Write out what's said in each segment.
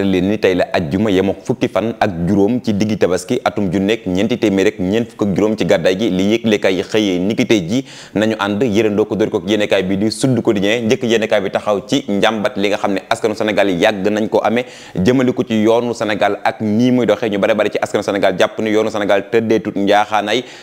fàttali leen ni tey la ajjuma yem ak fukki fan ak juróom ci diggi tabaski atum ju nekk ñeenti rek ñeent fukk juróom ci gàddaay gi li yëglekaay yi xëyee niki tey ji nañu ànd yërëndoo ko dóor ko yéenekaay bi di Sud Quotidien njëkk bi taxaw ci njàmbat li nga xam ko amee jëmale ko ci yoonu Sénégal ak nii muy doxee ñu bare bare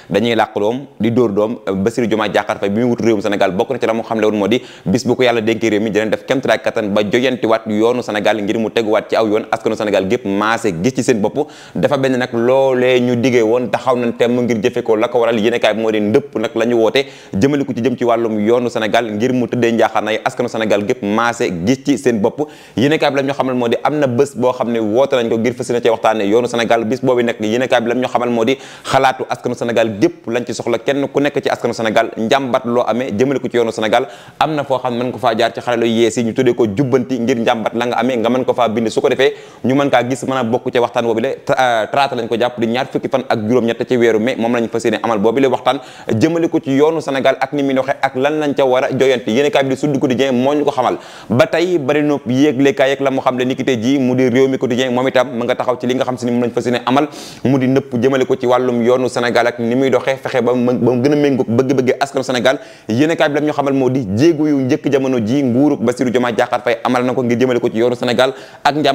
dañuy làq doom di dóor doom Bassirou Diomaye Diakhar Faye bi muy wut réewum Sénégal bokk na ci la mu xamle woon moo di bis bu ko yàlla dénkee réew mi def kéemtalaay kattan ba joyantiwaat yoonu Sénégal ngir mu teguwaat ci aw aw yoon askanu Sénégal gépp maase gis ci seen bopp dafa benn nag loolee ñu diggee woon taxaw nañ temm ngir jëfe ko la waral yéenekaay ñu woote ko ku nekk ci askanu Sénégal njàmbat loo amee jëmale jubbanti ngir njàmbat la nga nga mën ko faa bind su defee ñu mën gis mën a bokk ca waxtaan boobu le traité euh, lañ ko jàpp di ñaar fukki fan ak juróom-ñett ci weeru mai moom lañ fas yéene amal boobu le waxtaan jëmale ko ci yoonu Sénégal ak ni muy a joyante ba tey bari nopp yéegle ba mu gën a méngoog bëgg amal na ko ngir ko ci yoonu Sénégal ak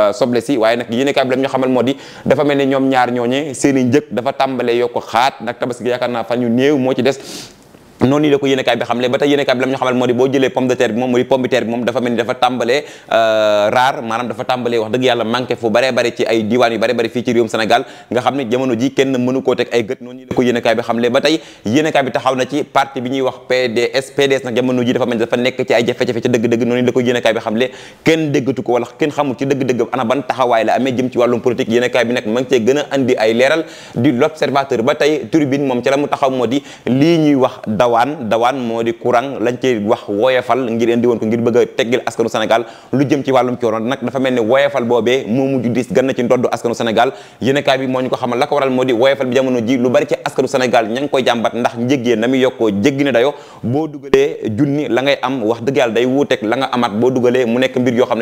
Euh, soble si waaye nag yéen a kaab lam ñu xamal moo di dafa mel ni ñoom ñaar ñooñe seeni i dafa tàmbalee yokk xaat nag tabaski yaakaar naa fan yu néew moo ci des noon la ko yéenekaay bi xamle ba la ñu xamal bi euh, xam ne ba tey yéenekaay bi la ko yéenekaay a andi ay leeral di l'observateur ba tey mu taxaw moo di lii ñuy wax daw dawaan dawaan moo di courant lañ ci wax woyefal ngir indi woon ko ngir bëgg a teggil askanu Sénégal lu jëm ci wàllum coono nag dafa mel ni woyefal boobee moo mujj dis gën ci ndoddu askanu Sénégal yéenekaay ko xamal la ko waral moo di woyefal bi jamono ji lu bari ci askanu Sénégal ña ngi koy jàmbat ndax njëggee na muy yokkoo nga amaat boo dugalee mu nekk mbir yoo xam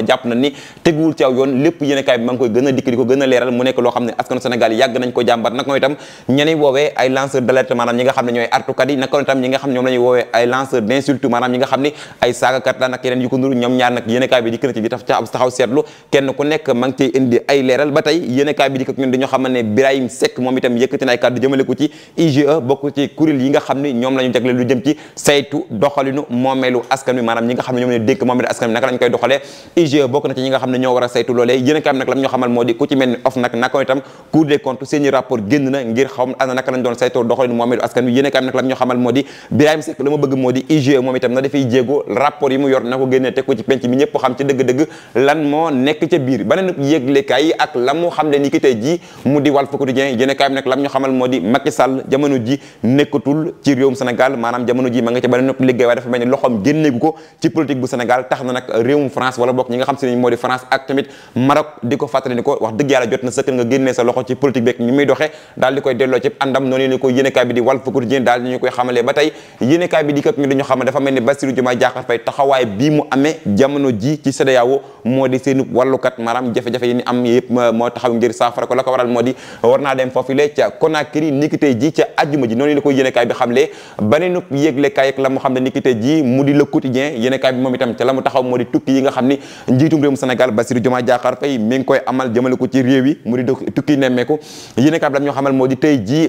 ne a a ay lanceur d'alerte maanaam ñi nga xam ne ñoom la ñuy woowee ay lanceur d' insulte maanaam ñi nga xam ne ay saagakat la nag yeneen yu ko nuru ñoom ñaar nag yéenekaay bi dikk na ci di taf ca ab taxaw seetlu kenn ku nekk ma ngi cay indi ay leeral ba tey yéenekaay bi dikk ak ñun dañoo xam ne Birahim Seck moom itam yëkkati na ay kàddu jëmale ko ci IGE bokk ci kuréel yi nga xam ne ñoom la ñu jagle lu jëm ci saytu doxalinu moomeelu askan wi maanaam ñi nga xam ne ñoom ne dénk moomeelu askan wi naka lañ koy doxalee IGE bokk na ci ñi nga xam ne ñoo war a saytu loolee yéenekaay bi nag lam ñoo xamal moo di ku ci mel ni OFNAC naka itam Cour des comptes seeni rapport génn na ngir xaw ana naka lañ doon saytoo doxalinu moomeelu askan wi yéenekaay bi nag lam ñoo xamal moo di Birahim Seck la bëgg moo di IGE moom itam na dafay jéego rapport yi mu yor na ko génnee teg ko ci penc bi ñëpp xam ci dëgg-dëgg lan moo nekk ca biir beneen yëglekaay yi ak la mu xam le ni ki lam ñu ji nekkatul ci réewum xam si ne moo di France ak tamit Maroc di ko fàttali ni ko wax dëgg yàlla jot na sëkkal nga génnee sa loxo ci politique beeg ni muy doxee daal di koy delloo ci àndam noonu ne ko yéenekaay bi di Walf Quotidien daal ñu koy xamalee Faye yéenekaay bi di kat ñu dañu xam ne dafa mel ni Bassirou Diomaye Diakhar Faye taxawaay e e la ko waral moo di war naa dem foofule ca Conakry la ko yéenekaay bi xamle baneenub yéeglekaay ak la mu xam ne la mu taxaw moo di tukki yi nga xam ni njiitum réewum Sénégal koy amal jëmale ko ci réew mu di tukki nemmeeku yéenekaay bi la ñu xamal moo di tey ji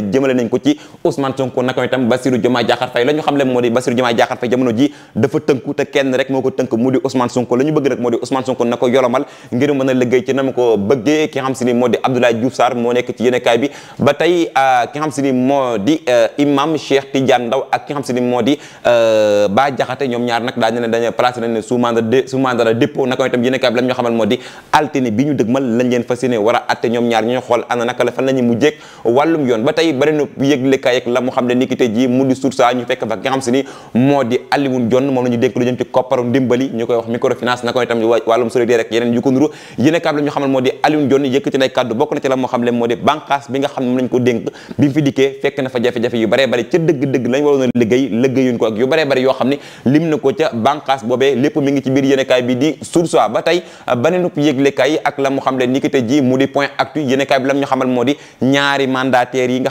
ne jëmale nañ ko ci Ousmane Sonko ko tënk mu di Ousmane Sonko la ñu bëgg a ma ko xam si ni moo di Abdoulaye Diouf Sarr moo nekk ci bi ba tey euh, ki xam di euh, Imam Cheikh Tidiane Ndaw ak ki xam euh, la ñu xamal moo di altine bi ñu dëgmal lañ leen fas yéene war a atte ñoom xool ana naka la fan la ñuy mujjee wàllum yoon ba tey tey bari na yëglekaay ak la mu xam ne ni jii mu di source ñu fekk fa la ñu xam ne moo di mu fi dikkee fekk na bi la mu xam ne ni jii mu di point actu yéenekaay bi lam ñu xamal moo di ñaari mandataires yi nga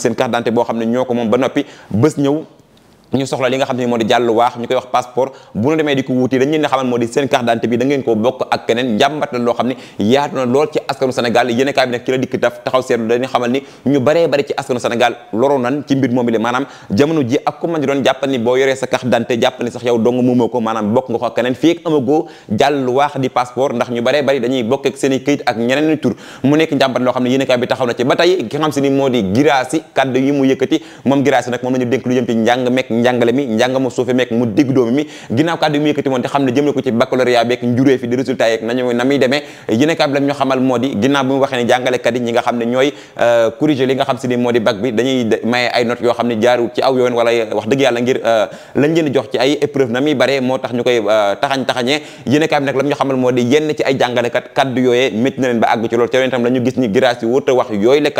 am seen carte d'identité boo xam ne ñoo ko moom ba noppi bës ñëw ñu soxla li nga xam ne moo di jàllu waax ñu koy passeport na lool ci askanu Sénégal yéen kaay bi nag ci la dikk taf taxaw seetlu dañu maanaam jamono ji ak ku man di doon jàppal ni boo yoree ko maanaam bokk nga ko ak keneen fii ak amagoo jàllu waax di passeport ndax ñu baree bari dañuy bokk ak seen i këyit mu nekk njàmbat loo xam ne yéen kaay bi taxaw na ci ba tey xam si ni moo di Guirassy kaddu yi mu yëkkati moom Guirassy nag moom la ñu lu jëm ci mekk njàngale mi njàngama suufe meek mu digg mi ginnaaw kàddu yi mu yëkkati woon di xam ne ñooy euh, ne jaaru euh, ci ay épreuve na muy bare moo tax ñu koy euh, taxañ taxañee yéen kaab nag la ñu xamal moo yenn ci ay jàngalekat kaddu yooyee métti na leen ba àgg ci loolu ca tam la gis ñi grâce yi wut wax yooyu la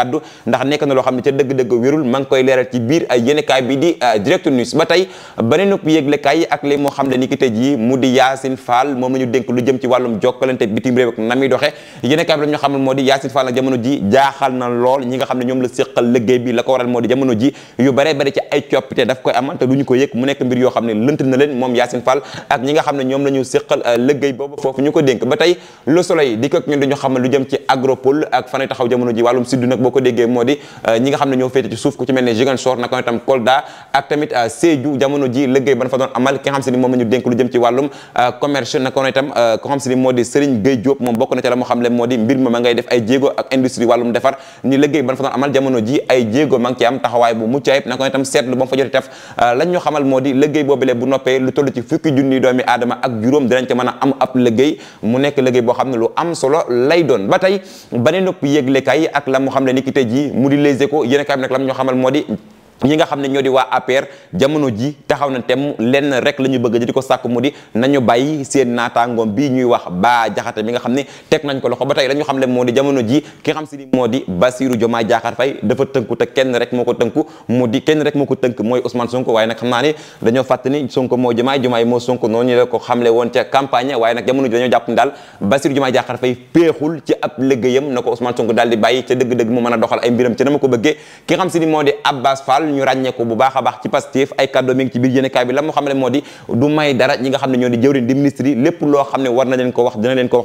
ndax nekk na xam ne ca dëgg-dëgg wérul ma koy leeral ci biir ay yéen kaay di direct news justice ba tey beneen ëpp yëglekaay ak li moo xam ne ni mu di Yacine Fall moom la ñu dénk lu jëm ci wàllum jokkalante bitim réew ak na muy doxe yéen moo di Yacine Fall na jamono ji jaaxal na lool ñi nga xam ne ñoom la séqal liggéey bi la ko waral moo ñu ko yëg mu nekk mbir yoo xam ne lënt na leen moom Yacine Fall ne ñoom la ñu séqal euh, liggéey boobu foofu ñu ko dénk ba tey Le Soleil di ko ñun dañu xamal lu jëm ci agropole ak fanay taxaw jamono ji wàllum siddu nag boo ko déggee moo di euh, ñi nga xam ne ñoo féete ci suuf ku ci mel ne Ziguinchor naka itam Kolda tamit euh, Sédhiou jamono ji liggéey ban fa doon amal ki nga xam si ni moom la ñu dénk lu jëm ci wàllum euh, commerce naka noonu itam euh, ko xam si ni moo di Serigne Gueye moom bokk na ca la euh, xamal moo di liggéey boobule nekk liggéey boo xam ne lu am solo lay doon ba tey banee nopp yëglekaay ak la xam le ni ki mu di Les Échos yéen a lam ñoo xamal moo ñi nga xam ne ñoo di waa APR jamono ji taxaw na tem lenn rek la bëgg di ko sàkk mu di nañu bàyyi seen naataangoom bii ñuy wax Bah Diakhaté mi nga xam ne teg nañ ko loxo ba tey la ñu xam ne moo di jamono ji ki xam ni moo di Bassirou Diomaye Diakhar Faye dafa tënku te kenn moo ko tënku mu di kenn rek moo ko tënk mooy Ousmane Sonko waaye nag xam naa ne dañoo fàttali ni Sonko moo Diomaye Diomaye moo Sonko noonu la ko xamle woon ca campagne waaye nag jamono ji dañoo jàpp ne daal Bassirou Diomaye Diakhar Faye péexul ci ab liggéeyam na ko Ousmane Sonko daal di bàyyi ca dëgg-dëgg mu mën a doxal ay mbiram ca na ma ko bëggee ki xam si ni moo di Abbas Fall taxoon ñu bu baax baax ci Pastef ay kàddu mi ci biir yéenekaay bi la xam ne moo di ko wax dina ne moo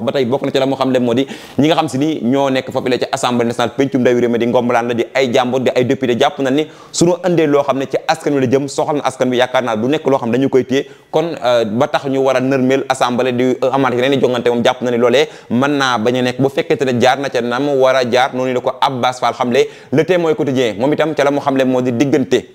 na ni euh, euh, moom jàpp jaar noonu la ko Abbas Fall xamle le témoin quotidien moom itam ca la mu xamle moo di diggante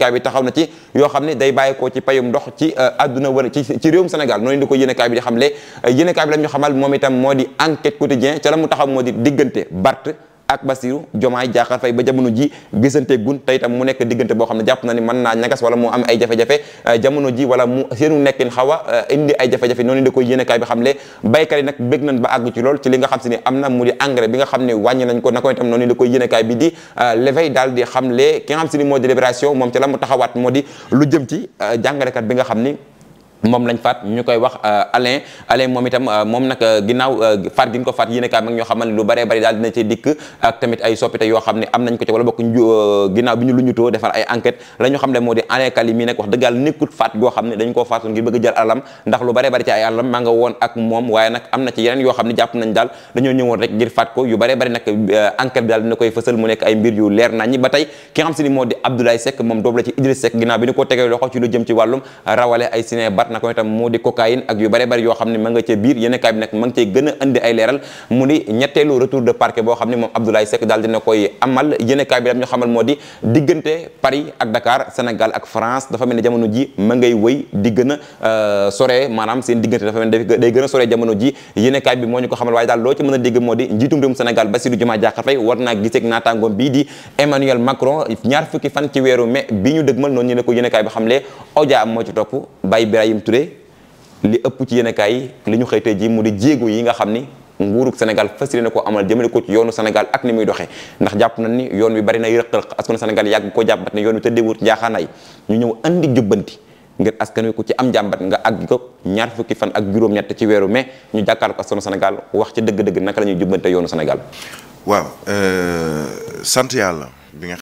yéenekaay bi taxaw na ci yoo xam ne day bàyyi ko ci payum ndox ci euh, àdduna wala ci ci réewum Sénégal noonu di ko yéenekaay bi di xamle euh, yéenekaay bi la ñu xamal moom itam moo di enquête quotidien ca la mu taxaw moo di diggante Bart ak Bassirou Diomaye Diakhar Faye ba jamono ji gisante gun te itam mu nekk diggante boo xam ne jàpp na ni mën naa ñagas wala mu am ay jafe-jafe euh, jamono ji wala seenu nekkin xaw a euh, indi ay jafe-jafe noonu la koy yéenekaay bi di engrais euh, bi di xam le ki xam si ni moo di moom ci mu taxawaat moo di lu jëm ci jàngalekat bi nga xam ni moom lañ faat ñu koy wax euh, Alain Alain moom itam euh, moom nag euh, ginnaaw faat gi ñu ko faat yéen kaay mag ñoo ne lu bëree bëri daal dina ci dikk ak yoo xam ne am nañ ko wala bokk ginnaaw bi ñu lu ñu too defar ay enquête la ñu xam ne moo di Alain Kali mii wax dëgg yàlla faat goo xam ne dañ koo faatoon ngir bëgg jël alalam ndax lu bëree bëri ci ay alalam maa nga woon ak moom waaye nag am na ci yeneen yoo xam ne jàpp nañ daal dañoo ñëwoon rek ngir faat ko yu bare bëri nag enquête bi daal dina koy fësal mu nekk ay mbir yu leer nañ ñi ba tey ki nga xam si ni moo di Abdoulaye moom doob la ci Idriss ko tegee loxo ci lu jëm ci wàllum rawale ay na ko itam mu di cocaïne ak yu bare bari yoo xam ne ma nga ca biir yéen kaay bi nag ma ngi cay a indi ay leeral mu di ñetteelu retour de parquet boo xam ne moom Abdoulaye Seck daal dina koy amal yéen bi dam ñu dafa mel ji ma ngay wëy di gën a euh, sore maanaam seen diggante day gën a sore jamono ji yéen kaay bi moo ñu ko xamal waaye daal loo ci mën a dégg moo di njiitum réewum Sénégal Bassirou Diomaye Diakhar Faye war naa giseeg naataangoom bii di Emmanuel Macron ñaar fukki fan ci weeru mai bi ñu dëgmal Ngagne Touré li ëpp ci yéenekaay li ñu xëy tey mu di jéego yi nga xam ni nguurug Sénégal fas yéene ko amal jëmale ko ci yoonu Sénégal ak ni muy doxee ndax jàpp nañ ni yoon wi bari na rëq-rëq askanu Sénégal yàgg ko jàmbat ne yoon wi tëddeewut njaaxaanaay ñu ñëw andi jubbanti ngir askan wi ku ci am jàmbat nga àgg ko ñaar fukki fan ak juróom-ñett ci weeru mai ñu jàkkaarloo ko askanu Sénégal wax ci dëgg-dëgg naka la ñuy jubbante yoonu senegal waaw euh, sant yàlla bi nga